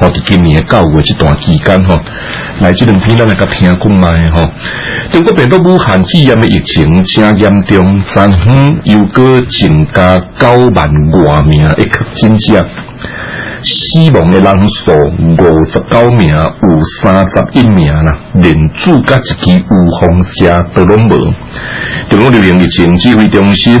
我、哦、哋今年嘅九月這段期間吼、哦，來這兩天咧，那個聽講賣吼，中國病毒武漢肺炎的疫情真正嚴重，昨天又過增加九萬多名嘅確診者，死亡嘅人數五十九名，有三十一名啦，連住加一起有方家都攏無，中國流行疫情指揮中心。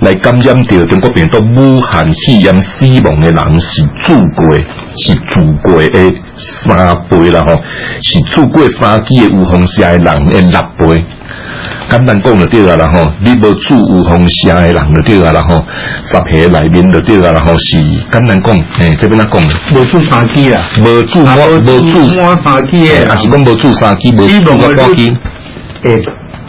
來感染到中國病毒武漢肺炎死亡的人是祖國，是祖國的三倍啦，嗬！是祖國三劑嘅有風險的人的六倍。簡單講就對了。然後你冇做有風險的人就對了。然後十個裏面就對了。然後是簡單講，誒、欸，即邊阿講，冇做三劑啊，冇做做三劑嘅、欸，也、就是講冇做三劑，冇、欸、做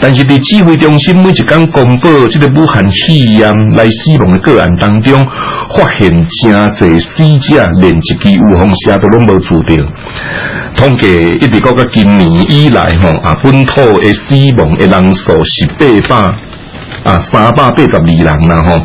但是，佇指揮中心每一工公布，即個武漢肺炎來死亡嘅個案當中，發現真儕死者連一具烏篷下都攏無拄着。統計一直到個今年以來吼，啊，本土嘅死亡嘅人數是八百啊，三百八十二人啦吼。啊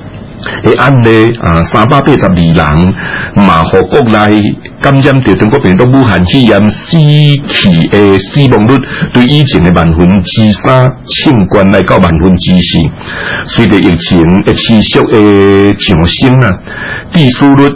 係安例啊，三百八,八十二人，埋喺國內感染着中國病毒武漢肺炎，初期嘅死亡率對以前嘅萬分之三、千分來到萬分之四，隨着疫情嘅持續嘅上升啊，致死率。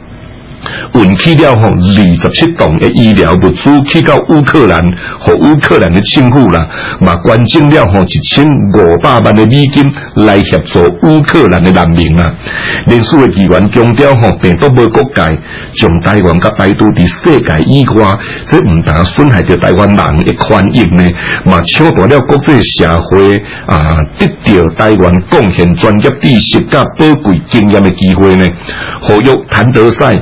運去了吼，二十七棟嘅醫療物資去到烏克蘭，和烏克蘭嘅政府啦，嘛捐贈了吼一千五百萬嘅美金來協助烏克蘭嘅難民啊。連署嘅議員強調吼，病毒無國界，從台灣甲百度佇世界以外，所以唔但損害著台灣人嘅權益呢，嘛搶奪了國際社會啊得到台灣貢獻專業知識甲寶貴經驗嘅機會呢，合約譚德賽。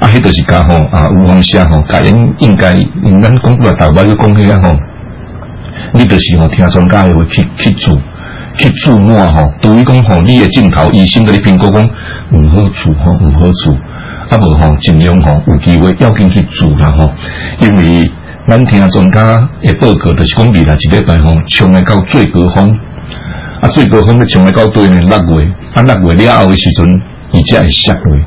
啊！迄著是甲吼、哦、啊有風蛇吼，甲因應該，咱講過頭擺嘢講迄啦吼，你著是吼聽專家誒話去去做，去做滿吼，對於講吼你誒鏡頭，醫生嗰啲評估講唔好處吼、哦，唔、嗯、好處。啊、哦，無吼盡量吼、哦、有機會要緊去做啦吼、哦，因為，咱聽專家誒報告，著是講未來一禮拜吼衝誒到最高峰。啊，最高峰你衝誒到對呢六月，啊六月了後誒時陣伊才會十月。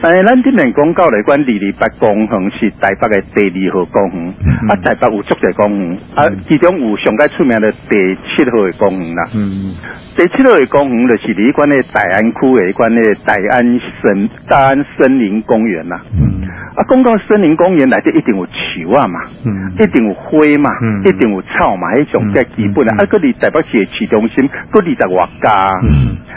但是咱這邊廣告嚟關離二二八公園是台北嘅第二號公園，嗯，啊台北有好多公園，啊，嗯，其中有上界出名的第七號的公園啦，啊。嗯，第七號的公園就是離關台的大安區嘅關的大安森大安森林公園啦，啊。嗯，啊，公共森林公園內頭一定有樹嘛，嗯，一定有花嘛，嗯，一定有草嘛，迄，嗯嗯，種在基本啊，嗯嗯，啊，嗰裏台北市的市中心，嗰裏二十偌家。嗯。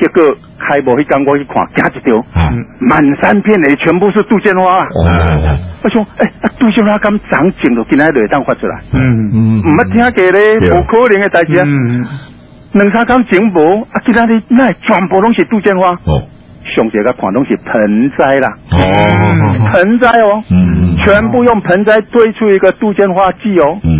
這個開播一張我一看，嚇一跳，滿山遍野全部是杜鵑花。哦、我說哎、欸啊，杜鵑花長景都去哪裏當花出來？嗯嗯，唔、嗯、乜聽講的，不可能嘅代誌啊。兩山咁景博，啊，他那全部都是杜鵑花。哦，像這個款東是盆栽啦，哦，盆栽哦，哦嗯、全部用盆栽推出一個杜鵑花季哦。哦嗯嗯嗯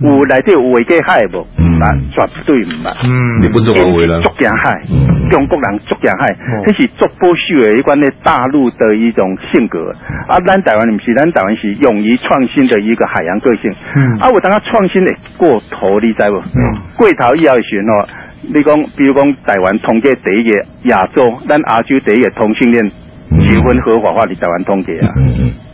會、嗯、嚟有，有危機海冇？唔、嗯、係，絕對唔係。嗯，你本啦、嗯。中國人足勁係，中國人足勁嗯。呢是足保守嘅一關。呢大陸的一種性格，嗯、啊，咱台灣唔是，咱台灣是勇於創新的一個海洋個性。嗯，啊，我當佢創新的過頭，你知唔？嗯，貴頭亦要選哦。你講，比如講，台灣通嘅第一嘅亞洲，咱亞洲第一嘅同性戀結婚合法化，你台灣通嘅啊。嗯嗯。